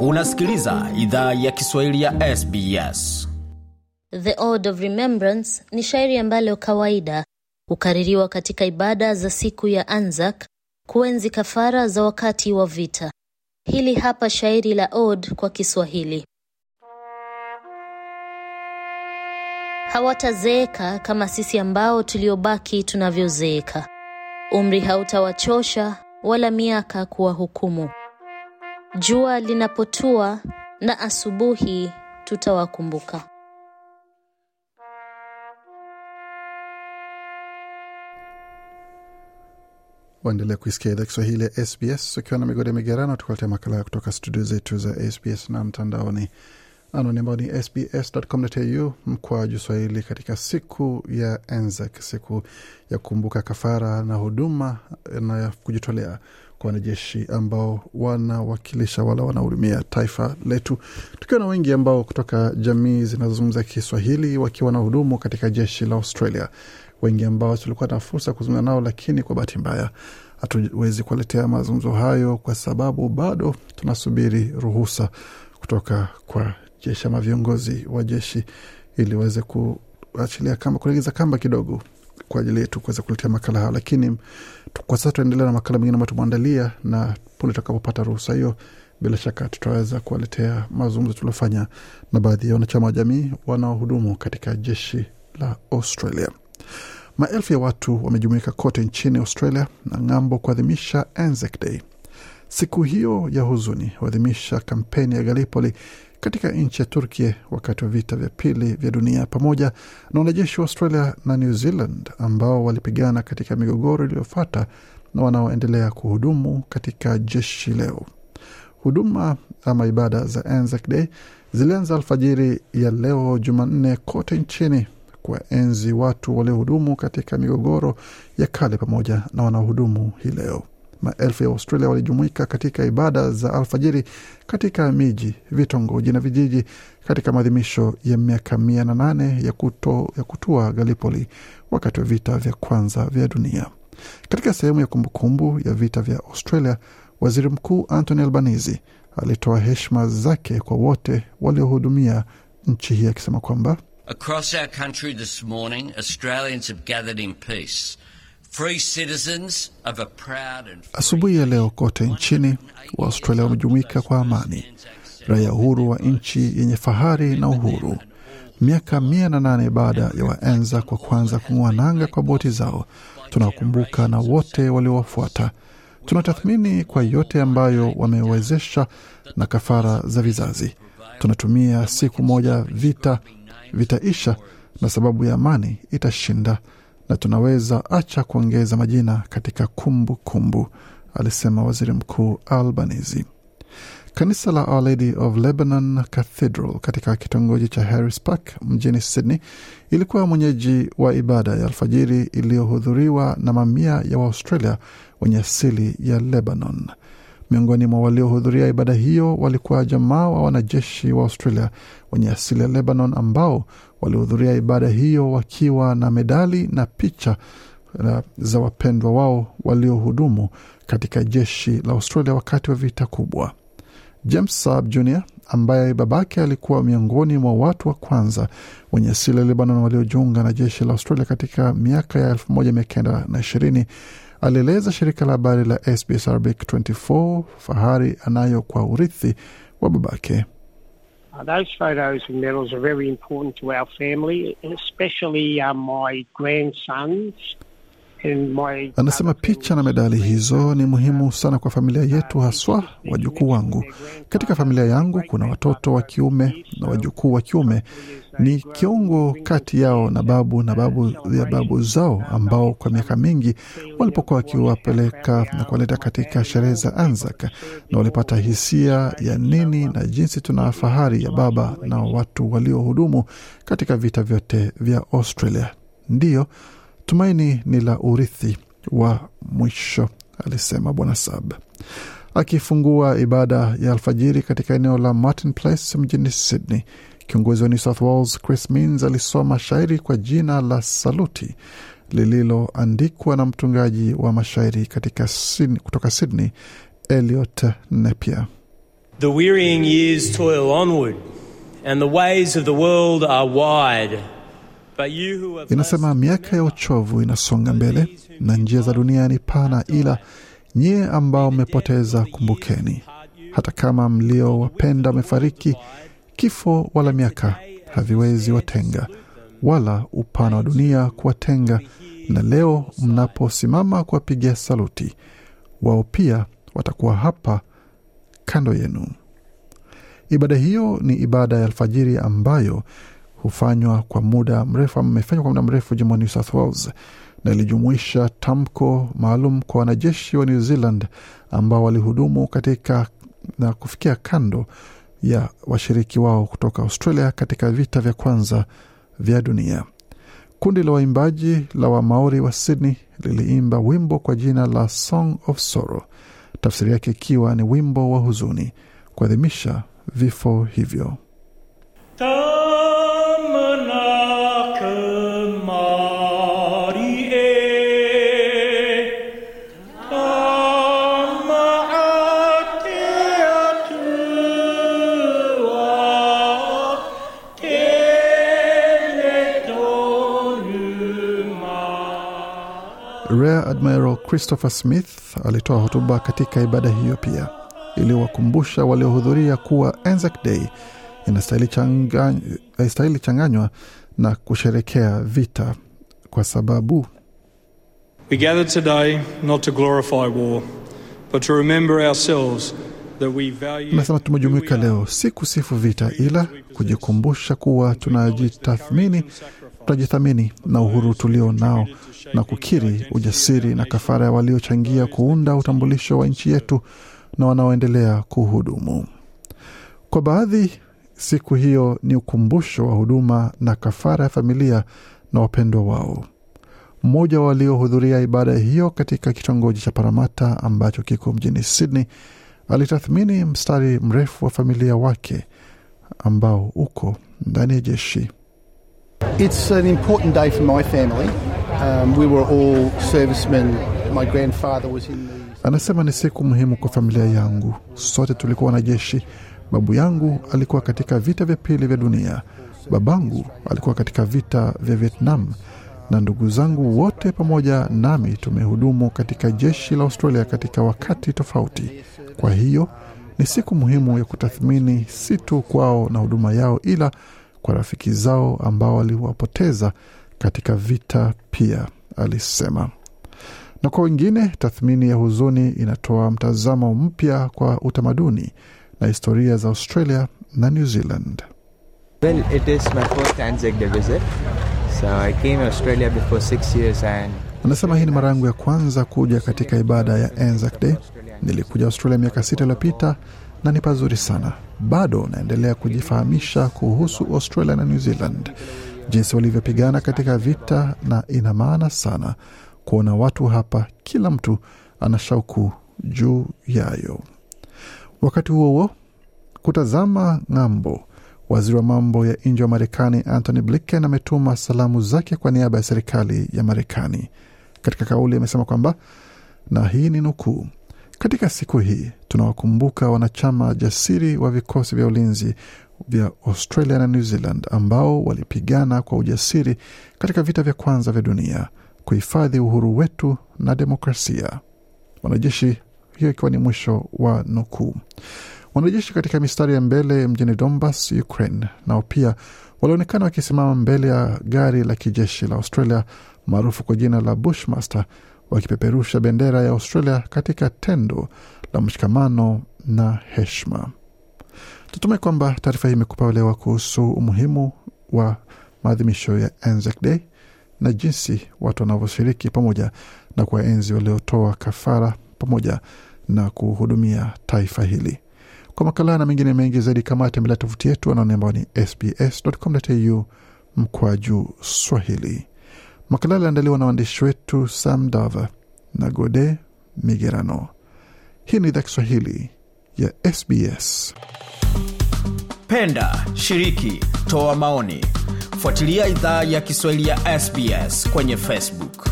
Unasikiliza idhaa ya Kiswahili ya SBS. The Ode of Remembrance ni shairi ambalo kawaida hukaririwa katika ibada za siku ya Anzac kuenzi kafara za wakati wa vita. Hili hapa shairi la od kwa Kiswahili. Hawatazeeka kama sisi ambao tuliobaki tunavyozeeka. Umri hautawachosha wala miaka kuwahukumu jua linapotua na asubuhi tutawakumbuka. Waendelea kuisikia idhaa Kiswahili ya SBS ukiwa na migodi migerano, tukuletea makala kutoka studio zetu za SBS na mtandaoni, anwani ambao ni sbs.com.au mkwaju swahili. Katika siku ya Anzac, e siku ya kukumbuka kafara na huduma na kujitolea kwa wanajeshi ambao wanawakilisha wala wanahudumia taifa letu, tukiwa na wengi ambao kutoka jamii zinazozungumza Kiswahili wakiwa na hudumu katika jeshi la Australia, wengi ambao tulikuwa na fursa ya kuzungumza nao, lakini kwa bahati mbaya hatuwezi kuwaletea mazungumzo hayo kwa sababu bado tunasubiri ruhusa kutoka kwa jeshi ama viongozi wa jeshi ili waweze kuachilia kamba, kulegeza kamba kidogo kwa ajili yetu kuweza kuletea makala haya, lakini kwa sasa tunaendelea na makala mengine ambayo tumeandalia, na punde tutakapopata ruhusa hiyo, bila shaka tutaweza kuwaletea mazungumzo tuliofanya na baadhi ya wanachama wa jamii wanaohudumu katika jeshi la Australia. Maelfu ya watu wamejumuika kote nchini Australia na ng'ambo kuadhimisha Anzac Day. Siku hiyo ya huzuni huadhimisha kampeni ya Galipoli katika nchi ya Turki wakati wa vita vya pili vya dunia, pamoja na wanajeshi wa Australia na New Zealand ambao walipigana katika migogoro iliyofuata na wanaoendelea kuhudumu katika jeshi leo. Huduma ama ibada za Anzac Day zilianza alfajiri ya leo Jumanne kote nchini kuwaenzi watu waliohudumu katika migogoro ya kale pamoja na wanaohudumu hii leo. Maelfu ya Australia walijumuika katika ibada za alfajiri katika miji, vitongoji na vijiji katika maadhimisho ya miaka mia na nane ya, kuto, ya kutua galipoli wakati wa vita vya kwanza vya dunia. Katika sehemu ya kumbukumbu ya vita vya Australia, waziri mkuu Anthony Albanese alitoa heshima zake kwa wote waliohudumia nchi hii akisema kwamba Across our country this morning, Australians have gathered in peace Asubuhi ya leo kote nchini, Waaustralia wamejumuika kwa amani, raia uhuru wa nchi yenye fahari na uhuru, miaka mia na nane baada ya waenza kwa kwanza kung'oa nanga kwa boti zao. Tunawakumbuka na wote waliowafuata, tunatathmini kwa yote ambayo wamewezesha na kafara za vizazi. Tunatumia siku moja, vita vitaisha na sababu ya amani itashinda na tunaweza acha kuongeza majina katika kumbukumbu kumbu, alisema waziri mkuu Albanese. Kanisa la Our Lady of Lebanon Cathedral katika kitongoji cha Harris Park mjini Sydney ilikuwa mwenyeji wa ibada ya alfajiri iliyohudhuriwa na mamia ya Waaustralia wenye asili ya Lebanon. Miongoni mwa waliohudhuria ibada hiyo walikuwa jamaa wa wanajeshi wa Australia wenye asili ya Lebanon ambao walihudhuria ibada hiyo wakiwa na medali na picha eh, za wapendwa wao waliohudumu katika jeshi la Australia wakati wa vita kubwa. James Saab Jr ambaye babake alikuwa miongoni mwa watu wa kwanza wenye asili ya Lebanon waliojiunga na jeshi la Australia katika miaka ya 1920 alieleza shirika la habari la SBS Arabic 24 fahari anayo kwa urithi wa babake. Uh, those photos and medals are very important to our family, especially uh, my grandsons. Anasema picha na medali hizo ni muhimu sana kwa familia yetu, haswa wajukuu wangu. Katika familia yangu kuna watoto wa kiume na wajukuu wa kiume, ni kiungo kati yao na babu na babu ya babu zao, ambao kwa miaka mingi walipokuwa wakiwapeleka na kuwaleta katika sherehe za Anzac, na walipata hisia ya nini na jinsi tuna fahari ya baba na watu waliohudumu katika vita vyote vya Australia. Ndiyo, Tumaini ni la urithi wa mwisho, alisema Bwana Sab akifungua ibada ya alfajiri katika eneo la Martin Place mjini Sydney. Kiongozi wa New South Wales Chris mins alisoma shairi kwa jina la Saluti lililoandikwa na mtungaji wa mashairi katika Sydney, kutoka Sydney eliot Napier. The wearying years toil onward and the ways of the world are wide Inasema miaka ya uchovu inasonga mbele na njia za dunia ni pana, ila nyie ambao mmepoteza, kumbukeni, hata kama mliowapenda wamefariki, kifo wala miaka haviwezi watenga, wala upana wa dunia kuwatenga. Na leo mnaposimama kuwapigia saluti, wao pia watakuwa hapa kando yenu. Ibada hiyo ni ibada ya alfajiri ambayo hufanywa kwa muda mrefu ama imefanywa kwa muda mrefu jimboni New South Wales na ilijumuisha tamko maalum kwa wanajeshi wa New Zealand ambao walihudumu katika na kufikia kando ya washiriki wao kutoka Australia katika vita vya kwanza vya dunia. Kundi la waimbaji la Wamaori wa Sydney liliimba wimbo kwa jina la Song of Sorrow, tafsiri yake ikiwa ni wimbo wa huzuni, kuadhimisha vifo hivyo. Admiral Christopher Smith alitoa hotuba katika ibada hiyo pia iliyowakumbusha waliohudhuria kuwa Anzac Day inastahili changanywa na kusherekea vita kwa sababu We gather today not to glorify war, but to remember ourselves Nasema tumejumuika leo si kusifu vita, ila kujikumbusha kuwa tunajitathmini tunajithamini na uhuru tulio nao na kukiri ujasiri na kafara ya waliochangia kuunda utambulisho wa nchi yetu na wanaoendelea kuhudumu. Kwa baadhi, siku hiyo ni ukumbusho wa huduma na kafara ya familia na wapendwa wao. Mmoja waliohudhuria ibada hiyo katika kitongoji cha Paramata ambacho kiko mjini Sydney alitathmini mstari mrefu wa familia wake ambao uko ndani ya jeshi. It's an important day for my family. Um, we were all servicemen. My grandfather was in the... Anasema ni siku muhimu kwa familia yangu. Sote tulikuwa jeshi Babu yangu alikuwa katika vita vya pili vya dunia. Babangu alikuwa katika vita vya Vietnam na ndugu zangu wote pamoja nami tumehudumu katika jeshi la Australia katika wakati tofauti. Kwa hiyo ni siku muhimu ya kutathmini si tu kwao na huduma yao, ila kwa rafiki zao ambao waliwapoteza katika vita pia, alisema. Na kwa wengine, tathmini ya huzuni inatoa mtazamo mpya kwa utamaduni na historia za Australia na New Zealand. Well, it is my first Anzac Day visit. So I came Australia before six years and... Anasema hii ni mara yangu ya kwanza kuja katika ibada ya Anzac Day. Nilikuja Australia miaka sita iliyopita na ni pazuri sana. Bado naendelea kujifahamisha kuhusu Australia na New Zealand, jinsi walivyopigana katika vita, na ina maana sana kuona watu hapa, kila mtu ana shauku juu yayo. Wakati huo huo, kutazama ng'ambo, waziri wa mambo ya nje wa Marekani antony Blinken ametuma salamu zake kwa niaba ya serikali ya Marekani. Katika kauli amesema kwamba, na hii ni nukuu katika siku hii tunawakumbuka wanachama jasiri wa vikosi vya ulinzi vya Australia na New Zealand ambao walipigana kwa ujasiri katika vita vya kwanza vya dunia kuhifadhi uhuru wetu na demokrasia. Wanajeshi, hiyo ikiwa ni mwisho wa nukuu. Wanajeshi katika mistari ya mbele mjini Donbas, Ukraine, nao pia walionekana wakisimama mbele ya gari la kijeshi la Australia maarufu kwa jina la Bushmaster wakipeperusha bendera ya Australia katika tendo la mshikamano na heshima. Tutume kwamba taarifa hii imekupa elewa kuhusu umuhimu wa maadhimisho ya Anzac Day na jinsi watu wanavyoshiriki pamoja na kuwaenzi waliotoa kafara pamoja na kuhudumia taifa hili. Kwa makala na mengine mengi zaidi, kama tembelea tovuti yetu anaone ambao ni sbs.com.au juu Swahili. Makala aliandaliwa na waandishi wetu Sam Dava na Gode Migerano. Hii ni idhaa Kiswahili ya SBS. Penda, shiriki, toa maoni, fuatilia idhaa ya Kiswahili ya SBS kwenye Facebook.